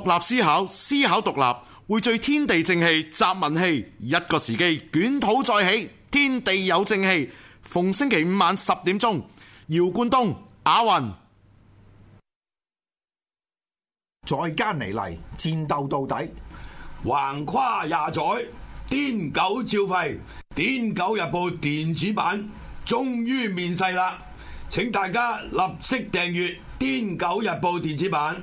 獨立思考，思考獨立，匯聚天地正氣，集民氣，一個時機，捲土再起，天地有正氣。逢星期五晚十點鐘，姚冠東、阿雲再加你嚟，戰鬥到底，橫跨廿載，癲狗照吠，癲狗日報電子版終於面世啦，請大家立即訂閱癲狗日報電子版。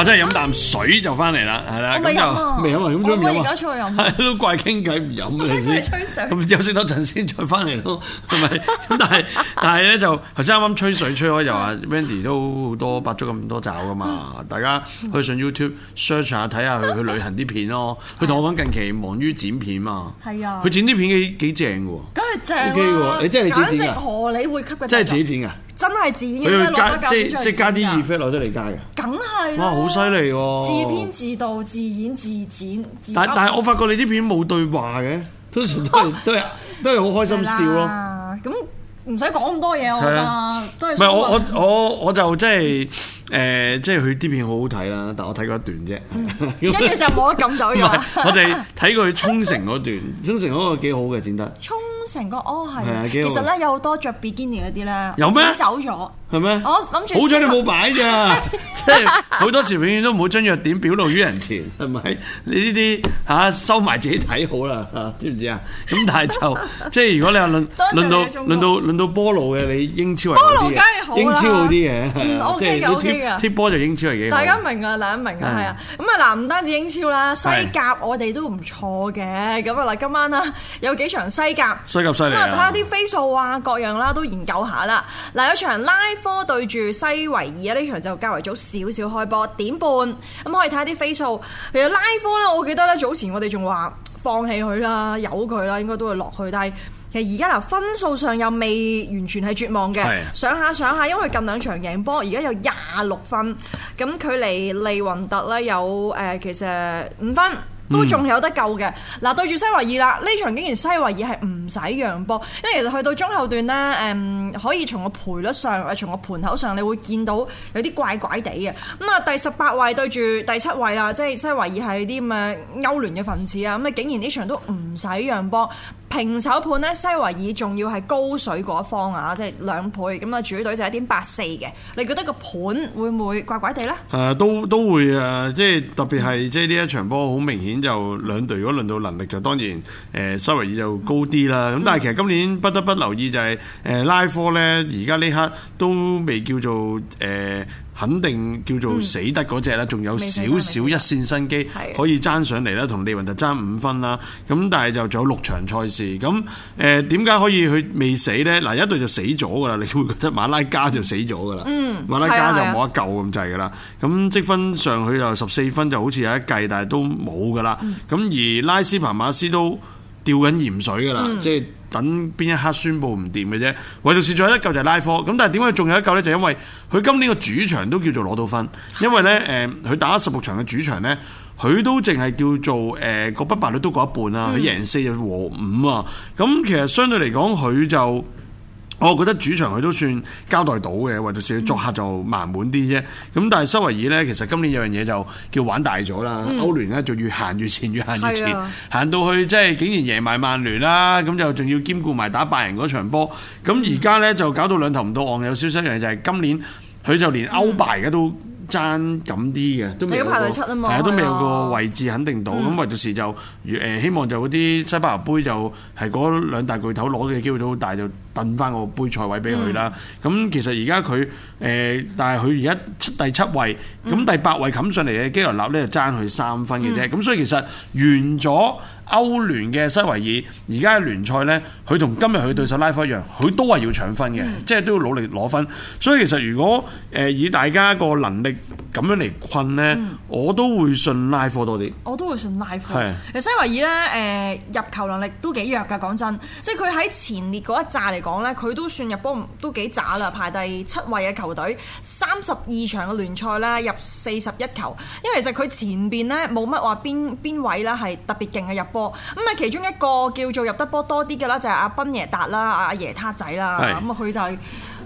啊、真係飲啖水就翻嚟啦，係啦，未飲啊？咁可以而家再飲。係都怪傾偈唔飲啊！你先休息多陣先再翻嚟咯，係咪？ 咁但係但係咧就頭先啱啱吹水吹開又話 Wendy 都好多拍咗咁多集噶嘛。大家去上 YouTube search 下睇下佢去旅行啲片咯。佢同我講近期忙於剪片嘛。係啊，佢剪啲片幾幾正喎。咁係正喎，你即係你自己剪㗎。何你會吸㗎？吸真係自己剪㗎。真係自演，攞出嚟即即加啲二飛攞出嚟加嘅。梗係，哇，好犀利喎！自編自導自演自剪。但但係我發覺你啲片冇對話嘅，通常都係都係都係好開心笑咯。咁唔使講咁多嘢，我覺得都係。唔係我我我我就即係誒，即係佢啲片好好睇啦。但我睇過一段啫，跟住就冇得咁走樣。我哋睇過沖繩嗰段，沖繩嗰個幾好嘅剪得。.都成個哦，係啊，其實咧有好多着比堅尼嗰啲咧，有咩走咗。係咩？我諗住好彩你冇擺咋，即係好多時永遠都唔好將弱點表露於人前，係咪？你呢啲吓收埋自己睇好啦，知唔知啊？咁但係就即係如果你話論論到論到論到波路嘅，你英超係好啲，波路梗英超好啲嘅，O K 噶 O K 噶，踢波就英超係幾好。大家明噶，大家明噶係啊。咁啊嗱，唔單止英超啦，西甲我哋都唔錯嘅。咁啊嗱，今晚啦有幾場西甲，西甲犀利。咁啊睇下啲飛數啊，各樣啦都研究下啦。嗱有場拉。科對住西維爾啊，呢場就較為早少少開波，點半咁可以睇下啲飛數。其實拉科呢，我記得呢，早前我哋仲話放棄佢啦，由佢啦，應該都會落去。但係其實而家啦，分數上又未完全係絕望嘅，上是的 下上下，因為近兩場贏波，而家有廿六分，咁距離利雲特呢，有、呃、誒，其實五分。都仲有得救嘅。嗱、嗯啊，對住西維爾啦，呢場竟然西維爾係唔使讓波，因為其實去到中後段咧，誒、嗯，可以從個賠率上、誒，從個盤口上，你會見到有啲怪怪地嘅。咁、嗯、啊，第十八位對住第七位啦，即係西維爾係啲咁嘅歐聯嘅分子啊，咁啊，竟然呢場都唔使讓波。平手盤咧，西維爾仲要係高水嗰方啊，即係兩倍咁啊，主隊就一點八四嘅，你覺得個盤會唔會怪怪地咧？誒、呃，都都會啊，即係特別係即係呢一場波好明顯就兩隊如果輪到能力就當然誒、呃、西維爾就高啲啦。咁但係其實今年不得不留意就係、是、誒、呃、拉科咧，而家呢刻都未叫做誒。呃肯定叫做死得嗰隻啦，仲、嗯、有少少一線生機，可以爭上嚟啦，同利雲特爭五分啦。咁但係就仲有六場賽事，咁誒點解可以佢未死呢？嗱、啊、一隊就死咗㗎喇，你會覺得馬拉加就死咗㗎喇，嗯、馬拉加就冇得救咁滯㗎喇。咁積、嗯啊啊、分上去就十四分就好似有一計，但係都冇㗎喇。咁、嗯、而拉斯帕馬斯都。吊緊鹽水噶啦，嗯、即係等邊一刻宣布唔掂嘅啫。唯獨是仲有一嚿就係拉科，咁但係點解仲有一嚿咧？就係、因為佢今年個主場都叫做攞到分，因為咧誒，佢是的、呃、打咗十六場嘅主場咧，佢都淨係叫做誒、呃、個不敗率都過一半啊，佢、嗯、贏四就和五啊，咁其實相對嚟講佢就。我、oh, 覺得主場佢都算交代到嘅，或者少作客就慢滿啲啫。咁但係西維爾呢，其實今年有樣嘢就叫玩大咗啦。嗯、歐聯呢，就越行越前，越行越前，行、嗯、到去即係竟然贏埋曼聯啦。咁就仲要兼顧埋打拜仁嗰場波。咁而家呢，就搞到兩頭唔到岸，有消息嘢就係今年佢就連歐霸嘅都。爭緊啲嘅，都未排第七啊，嘛？係，都未有個位置肯定到。咁唯到時就誒、呃、希望就嗰啲西班牙杯就係嗰兩大巨頭攞嘅機會都好大，就揼翻個杯賽位俾佢啦。咁、嗯、其實而家佢誒，但係佢而家七第七位，咁、嗯、第八位冚上嚟嘅基羅納咧，就爭佢三分嘅啫。咁所以其實完咗歐聯嘅西維爾，而家聯賽咧，佢同今日佢對手拉菲一樣，佢都係要搶分嘅，嗯、即係都要努力攞分。所以其實如果誒、呃、以大家個能力，咁樣嚟困咧，嗯、我都會信拉科多啲，我都會信拉科係。係、呃，而西維爾咧，誒入球能力都幾弱㗎。講真，即係佢喺前列嗰一紮嚟講咧，佢都算入波都幾渣啦，排第七位嘅球隊，三十二場嘅聯賽咧入四十一球。因為其實佢前邊咧冇乜話邊邊位啦係特別勁嘅入波。咁、嗯、啊，其中一個叫做入得波多啲嘅啦，就係、係、阿賓耶達啦，阿、啊、耶他仔啦，咁啊佢就係、係。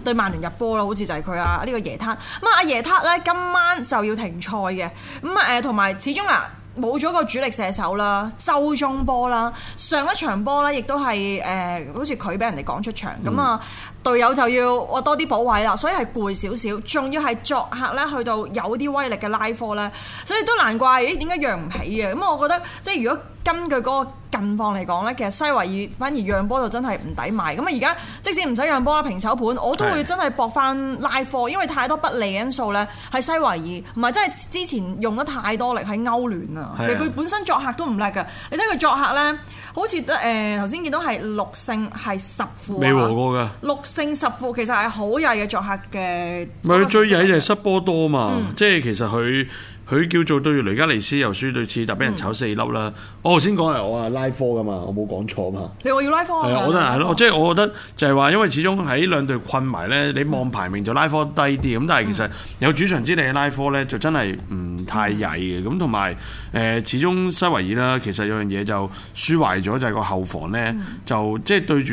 對曼聯入波啦，好似就係佢啊！呢、這個耶塔，咁啊阿耶塔咧今晚就要停賽嘅，咁啊誒同埋始終啦冇咗個主力射手啦，周中波啦，上一場波咧亦都係誒、呃、好似佢俾人哋趕出場咁啊。嗯隊友就要我多啲補位啦，所以係攰少少，仲要係作客咧，去到有啲威力嘅拉科咧，所以都難怪咦點解讓唔起嘅？咁我覺得即係如果根據嗰個近況嚟講咧，其實西維爾反而讓波就真係唔抵買。咁啊而家即使唔使讓波啦，平手盤我都會真係搏翻拉科，因為太多不利因素咧，喺西維爾，唔係真係之前用得太多力喺歐聯啊。的其實佢本身作客都唔叻嘅，你睇佢作客咧，好似誒頭先見到係六勝係十負勝十副其實係好曳嘅作客嘅。唔係佢最曳就係失波多嘛，嗯、即係其實佢。佢叫做對住雷加利斯又輸對次特俾人炒四粒啦！我頭先講係我啊拉科噶嘛，我冇講錯嘛。你話要拉科啊？係啊，我覺得係咯，即係我覺得就係話，因為始終喺兩隊困埋咧，嗯、你望排名就拉科低啲咁，但係其實有主場之利嘅拉科咧，就真係唔太曳嘅。咁同埋誒，始終西維爾啦，其實有樣嘢就輸壞咗就係、是、個後防咧、嗯，就即、是、係對住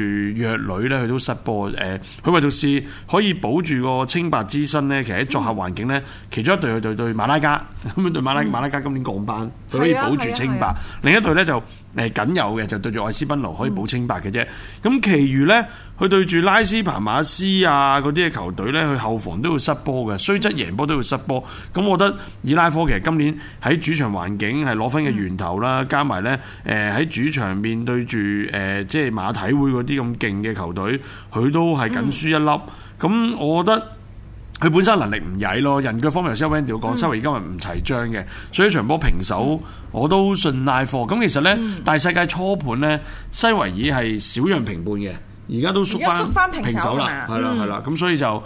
弱旅咧，佢都失波誒。佢、呃、為獨是可以保住個清白之身咧，其實喺作客環境咧，嗯、其中一隊佢對對馬拉加。咁對馬拉馬拉加今年降班，佢、嗯、可以保住清白。啊啊啊、另一隊呢，就誒僅有嘅，就對住愛斯賓奴可以保清白嘅啫。咁、嗯，其餘呢，佢對住拉斯帕馬斯啊嗰啲嘅球隊呢，佢後防都要失波嘅，雖則贏波都要失波。咁，我覺得依拉科其實今年喺主場環境係攞分嘅源頭啦，嗯、加埋呢誒喺、呃、主場面對住誒、呃、即係馬體會嗰啲咁勁嘅球隊，佢都係僅輸一粒。咁、嗯，嗯、我覺得。佢本身能力唔曳咯，人腳方面由西維爾講，嗯、西維爾今日唔齊章嘅，所以場波平手、嗯、我都信賴貨。咁其實咧，嗯、大世界初盤咧，西維爾係少讓平半嘅，而家都縮翻平手啦，係啦係啦。咁、嗯、所以就誒呢、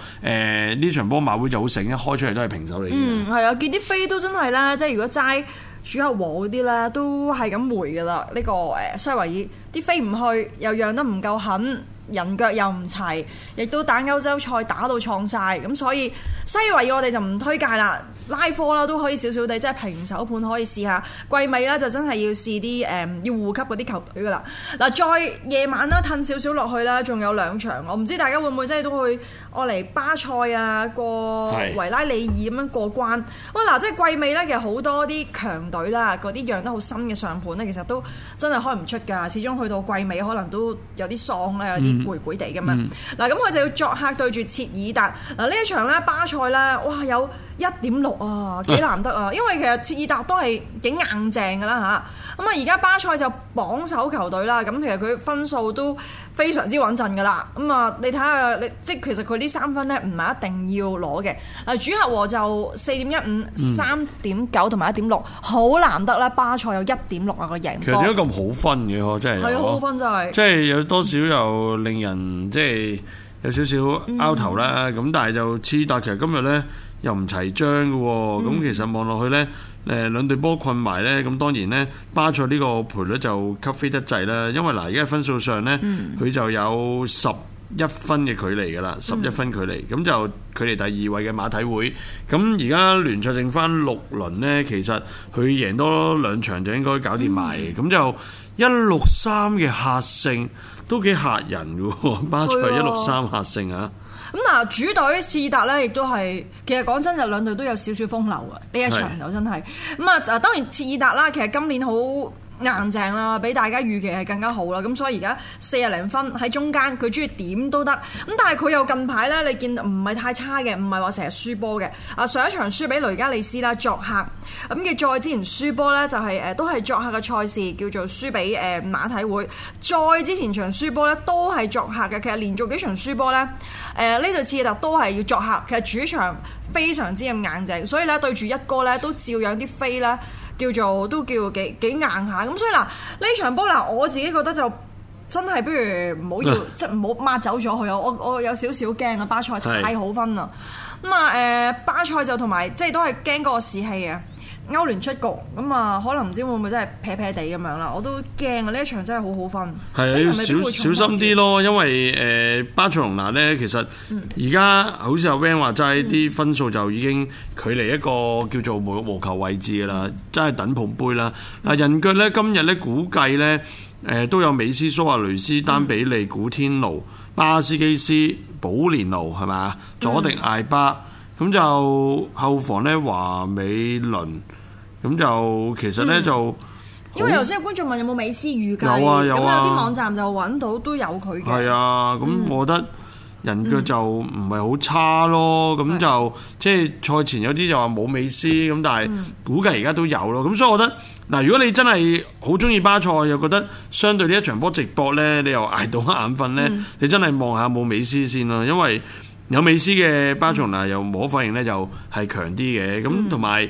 呃、場波馬會就好醒，一開出嚟都係平手嚟嘅。嗯，係啊，見啲飛都真係啦，即係如果齋主客和嗰啲咧，都係咁回噶啦。呢、呢個誒西維爾啲飛唔去，又讓得唔夠狠，狠。人腳又唔齊，亦都打歐洲賽打到創晒，咁所以西維爾我哋就唔推介啦。拉貨啦，都可以少少地，即係平手盤可以試下。季尾呢，就真係要試啲誒、嗯、要護級嗰啲球隊噶啦。嗱，再夜晚啦，褪少少落去啦，仲有兩場，我唔知大家會唔會即係都去愛嚟巴塞啊，過維拉利爾咁樣過關。哇是！嗱、啊，即係季尾呢，其實好多啲強隊啦，嗰啲讓得好新嘅上盤呢，其實都真係開唔出㗎。始終去到季尾可能都有啲喪啦，有啲攰攰地咁樣。嗱、嗯，咁佢、嗯啊、就要作客對住切爾達。嗱呢一場呢，巴塞啦，哇有一點六。哇，幾難得啊！因為其實切爾達都係幾硬正噶啦吓，咁啊而家巴塞就榜首球隊啦，咁其實佢分數都非常之穩陣噶啦。咁啊，你睇下你即係其實佢呢三分咧唔係一定要攞嘅。嗱，主客和就四點一五、三點九同埋一點六，好難得啦！巴塞有一點六啊個贏。其實點解咁好分嘅？真係係啊，好分真係。即係有多少又令人即係有少少拗頭啦？咁但係就切爾達其實今日咧。又唔齊章嘅，哦，咁、嗯、其實望落去呢，誒兩隊波困埋呢。咁當然呢，巴塞呢個賠率就吸飛得滯啦，因為嗱而家分數上呢，佢、嗯、就有十一分嘅距離嘅啦，十一分距離，咁、嗯、就距離第二位嘅馬體會，咁而家聯賽剩翻六輪呢，其實佢贏多兩場就應該搞掂埋嘅，咁、嗯、就一六三嘅客勝都幾嚇人嘅，巴塞一六三客勝啊！咁嗱，主隊切爾達咧，亦都係，其實講真，兩隊都有少少風流啊！呢一是的 場就真係，咁啊，當然切爾達啦，其實今年好。硬淨啦，比大家預期係更加好啦，咁所以而家四廿零分喺中間，佢中意點都得，咁但係佢又近排呢，你見唔係太差嘅，唔係話成日輸波嘅。啊，上一場輸俾雷加利斯啦，作客咁嘅。再之前輸波呢、就係，就係誒都係作客嘅賽事，叫做輸俾誒馬體會。再之前場輸波呢，都係作客嘅。其實連續幾場輸波呢，誒呢隊次特都係要作客。其實主場非常之咁硬淨，所以呢對住一哥呢，都照樣啲飛啦。叫做都叫幾幾硬下，咁所以嗱呢場波嗱，我自己覺得就真係不如唔好要，要，啊、即係唔好抹走咗佢啊！我我有少少驚啊，巴塞太好分啦，咁啊誒巴塞就同埋即係都係驚嗰個士氣啊！歐聯出局咁啊，可能唔知會唔會真係撇撇地咁樣啦，我都驚啊！呢一場真係好好瞓，係啊，要小心啲咯，因為誒巴塞隆拿咧，其實而家好似阿 van 話齋，啲分數就已經距離一個叫做無無球位置嘅啦，真係等捧杯啦！嗱，人腳咧今日咧估計咧誒都有美斯、蘇亞雷斯、丹比利、古天奴、巴斯基斯、保連奴係咪，佐迪艾巴。咁就後防咧華美倫，咁就其實咧、嗯、就很，因為頭先有觀眾問有冇美斯預計，咁啊有啲、啊、網站就揾到都有佢嘅。係啊，咁、嗯、我覺得人腳就唔係好差咯。咁、嗯、就對 即係賽前有啲就話冇美斯，咁但係估計而家都有咯。咁所以我覺得嗱，如果你真係好中意巴塞，又覺得相對呢一場波直播咧，你又捱到眼瞓咧，嗯、你真係望下冇美斯先咯，因為。有美斯嘅巴塞羅那、嗯、又冇反應呢就係強啲嘅。咁同埋，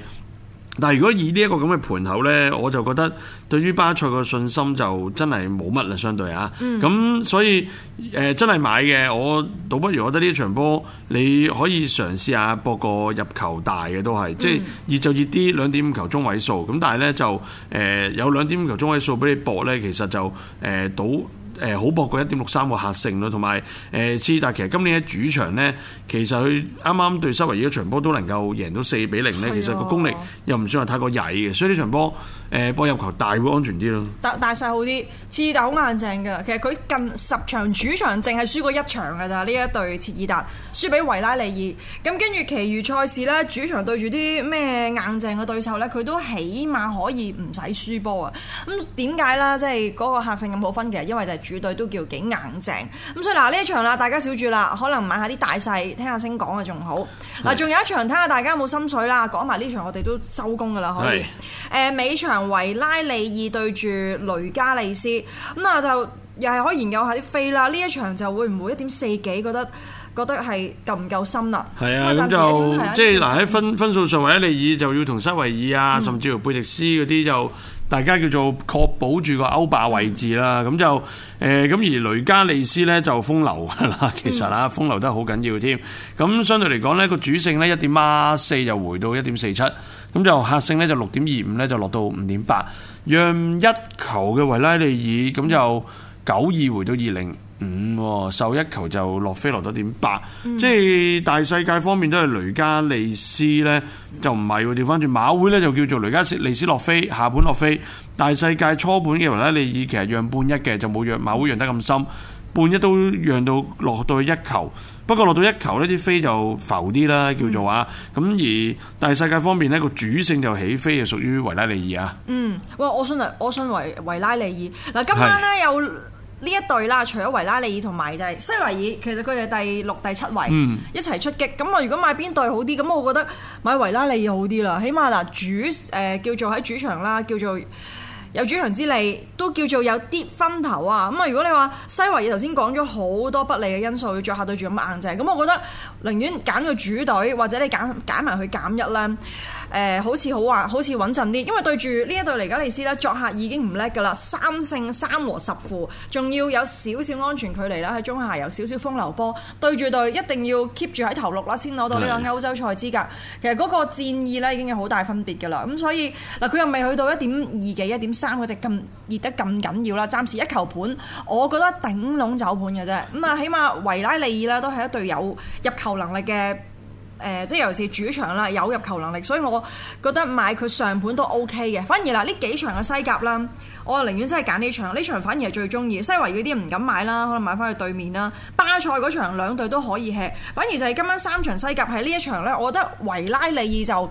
但係如果以呢一個咁嘅盤口呢，我就覺得對於巴塞個信心就真係冇乜啦，相對啊，咁、嗯、所以誒、呃、真係買嘅，我倒不如我覺得呢場波你可以嘗試下博個入球大嘅都係，嗯、即係熱就熱啲兩點五球中位數，咁但係呢，就誒、呃、有兩點五球中位數俾你博呢，其實就誒賭。呃倒誒好博過一點六三個客勝咯，同埋誒切爾達其實今年喺主場呢，其實佢啱啱對西維爾個場波都能夠贏到四比零呢是的 其實個功力又唔算話太過曳嘅，所以呢場波誒波入球大會安全啲咯。大大細好啲，切爾達好硬淨㗎。其實佢近十場主場淨係輸過一場㗎咋。呢一隊切爾達輸俾維拉利爾。咁跟住，其餘賽事呢，主場對住啲咩硬淨嘅對手呢？佢都起碼可以唔使輸波啊。咁點解呢？即係嗰個客勝咁好分嘅，因為就係。主隊都叫幾硬淨，咁所以嗱呢一場啦，大家少注啦，可能買下啲大細，聽下聲講啊仲好。嗱，仲有一場睇下大家有冇心水啦。講埋呢場我哋都收工噶啦，可以。誒，尾場維拉利爾對住雷加利斯，咁啊就又係可以研究下啲飛啦。呢一場就會唔會一點四幾覺得覺得係夠唔夠深啦？係啊，咁就即係嗱喺分分數上維拉利爾就要同塞維爾啊，甚至乎貝迪斯嗰啲就。大家叫做確保住個歐霸位置啦，咁就誒咁、呃、而雷加利斯呢就風流啦，其實啦風流得好緊要添。咁相對嚟講呢個主勝呢一點孖四就回到一點四七，咁就客勝呢就六點二五呢就落到五點八，讓一球嘅維拉利爾咁就九二回到二零。五、嗯，受一球就落飛落到點八，即係大世界方面都係雷加利斯咧，就唔係調翻轉馬會咧就叫做雷加利斯落飛，下盤落飛，大世界初盤嘅維拉利爾其實讓半一嘅，就冇讓馬會讓得咁深，半一都讓到落到一球，不過落到一球呢，啲飛就浮啲啦，叫做話咁、嗯、而大世界方面呢，個主勝就起飛，就屬於維拉利爾啊。嗯，哇，我信啊，我信維維拉利爾嗱，今晚咧有。呢一隊啦，除咗維拉利爾同埋就係西維爾，其實佢哋第六、第七位、嗯、一齊出擊。咁我如果買邊隊好啲？咁我覺得買維拉利爾好啲啦，起碼嗱主誒叫做喺主場啦，叫做。叫做有主場之利，都叫做有啲分頭啊！咁啊，如果你話西維爾頭先講咗好多不利嘅因素，要作客對住咁硬淨，咁我覺得寧願揀個主隊，或者你揀揀埋佢減一咧。誒、呃，好似好話，好似穩陣啲，因為對住呢一隊尼加利斯呢，作客已經唔叻噶啦，三勝三和十負，仲要有少少安全距離啦，喺中下游少少風流波。對住隊一定要 keep 住喺頭六啦，先攞到呢個歐洲賽資格。的其實嗰個戰意呢已經有好大分別噶啦，咁所以嗱，佢又未去到一點二幾一點三。生嗰隻咁熱得咁緊要啦，暫時一球盤，我覺得頂籠走盤嘅啫。咁啊，起碼維拉利爾啦，都係一隊有入球能力嘅，誒、呃，即係尤其是主場啦，有入球能力，所以我覺得買佢上盤都 OK 嘅。反而嗱，呢幾場嘅西甲啦，我寧願真係揀呢場，呢場反而係最中意。西維爾嗰啲唔敢買啦，可能買翻去對面啦。巴塞嗰場兩隊都可以吃，反而就係今晚三場西甲喺呢一場呢，我覺得維拉利爾就。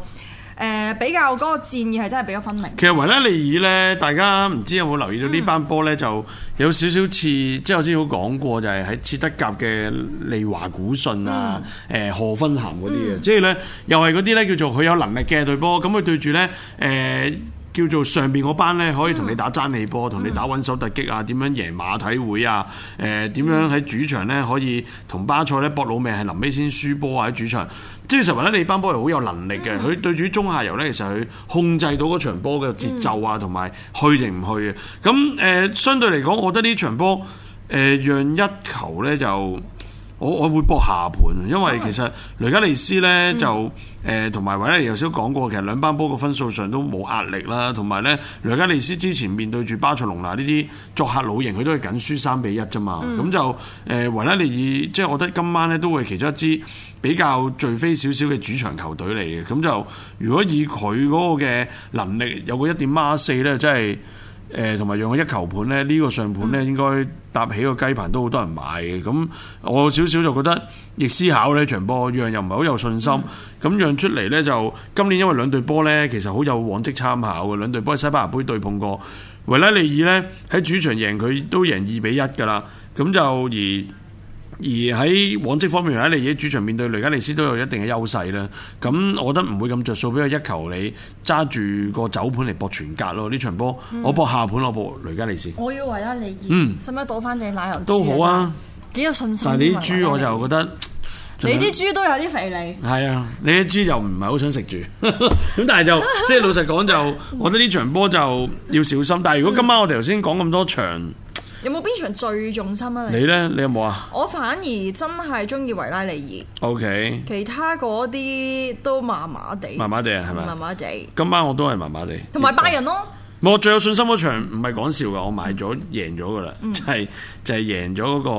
誒、呃、比較嗰個戰意係真係比較分明。其實維拉利爾咧，大家唔知有冇留意到班呢班波咧，嗯、就有少少似，即我頭先好講過，就係喺切德甲嘅利華古信啊、誒荷芬鹹嗰啲啊。嗯、即係咧又係嗰啲咧叫做佢有能力嘅隊波，咁佢對住咧誒。呃叫做上邊嗰班呢，可以同你打爭氣波，同、嗯、你打穩守突擊啊！點樣贏馬體會啊？誒、呃，點樣喺主場呢？可以同巴塞呢，搏老命，係臨尾先輸波啊！喺主場，即係實話呢，你班波係好有能力嘅。佢、嗯、對住中下游呢，其實佢控制到嗰場波嘅節奏啊，同埋、嗯、去定唔去嘅。咁誒、呃，相對嚟講，我覺得呢場波誒、呃、讓一球呢就。我我會博下盤，因為其實雷加利斯呢，嗯、就誒同埋維拉利爾頭先講過，其實兩班波嘅分數上都冇壓力啦。同埋呢，雷加利斯之前面對住巴塞隆拿呢啲作客老型，佢都係僅輸三比一啫嘛。咁、嗯、就誒、呃、維拉利爾，即係我覺得今晚呢，都會其中一支比較最飛少少嘅主場球隊嚟嘅。咁就如果以佢嗰個嘅能力，有個一點孖四呢，真係。誒同埋讓佢一球盤呢，呢、呢個上盤呢，應該搭起個雞盤都好多人買嘅。咁我少少就覺得，亦思考呢場波讓又唔係好有信心。咁讓出嚟呢，就今年因為兩隊波呢，其實好有往績參考嘅兩隊波，喺西班牙杯對碰過，維拉利爾呢喺主場贏佢都贏二比一㗎啦。咁就而。而喺往績方面，喺你哋主場面對雷加利斯都有一定嘅優勢啦。咁我覺得唔會咁着數，俾佢一球你揸住個酒盤嚟搏全格咯。呢場波、嗯、我搏下盤，我搏雷加利斯。我為要為啦你，嗯，使唔使倒翻隻奶油？都好啊，幾有信心。但係你啲豬我就覺得，你啲豬都有啲肥膩。係啊，你啲豬就唔係好想食住。咁 但係就即係 老實講，就我覺得呢場波就要小心。但係如果今晚我哋頭先講咁多場。有冇邊場最重心啊？你咧？你有冇啊？我反而真係中意維拉利爾。O K。其他嗰啲都麻麻地。麻麻地啊？係咪？麻麻地。今晚我都係麻麻地。同埋拜仁咯。我最有信心嗰場唔係講笑噶，我買咗贏咗噶啦，就係就係贏咗嗰個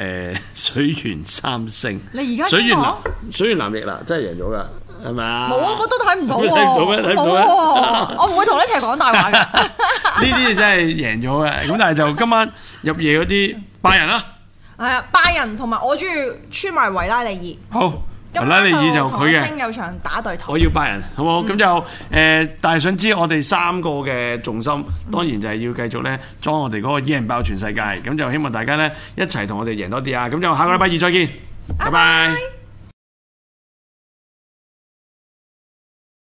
誒水原三星。你而家水原？水原南翼啦，真係贏咗噶，係咪啊？冇啊，我都睇唔到喎。睇唔到咩？睇唔到咩？我唔會同你一齊講大話嘅。呢啲真係贏咗嘅，咁但係就今晚。入夜嗰啲拜仁啦、啊，係啊，拜仁同埋我中意穿埋維拉利爾。好，維拉利爾就佢嘅。聲有場打對台，我要拜仁，好唔好？咁就誒，嗯、但係想知我哋三個嘅重心，當然就係要繼續咧，裝我哋嗰個贏爆全世界。咁就、嗯、希望大家咧一齊同我哋贏多啲啊！咁就下個禮拜二再見，拜拜。